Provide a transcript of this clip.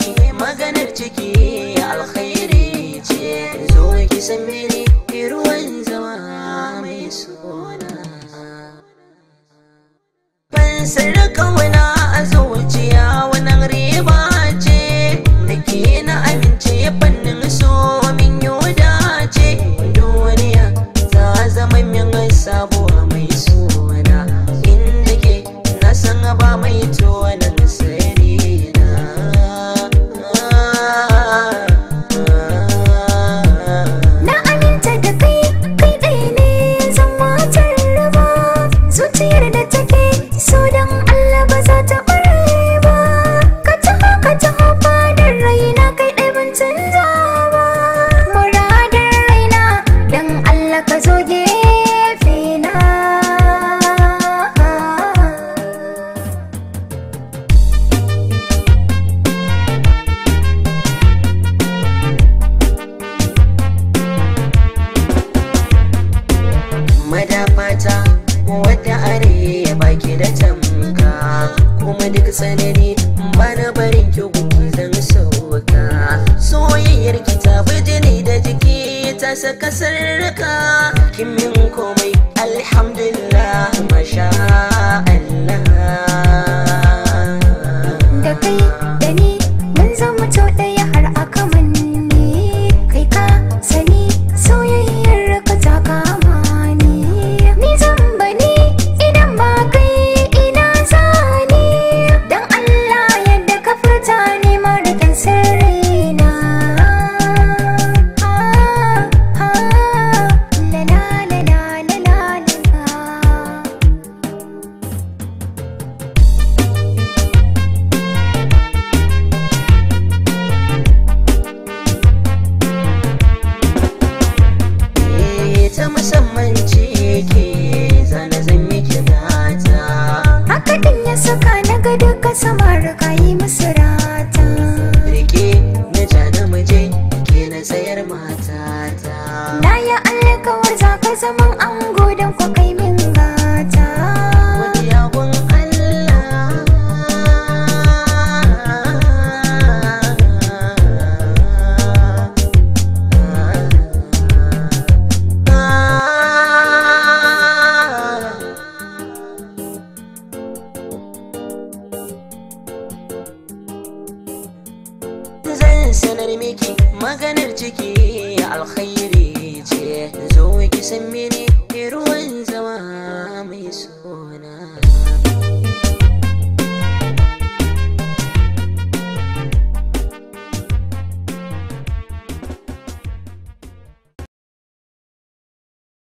ki maganar ciki alkhairi ce zo ki san mene ruwan zama mai suna ban sarrafa wani kare baki da tamka kuma duk tsanani bana barin ki zan sauka soyayyar ki ta bijini da jiki ta saka sarraka kin min komai alhamdulillah ita musammanci ce ke zana zan yi gata haka din ya saka na ga duka samar kayi musu sanar miki maganar ciki alkhairi ce zo ki san mini ruwan zama mai suna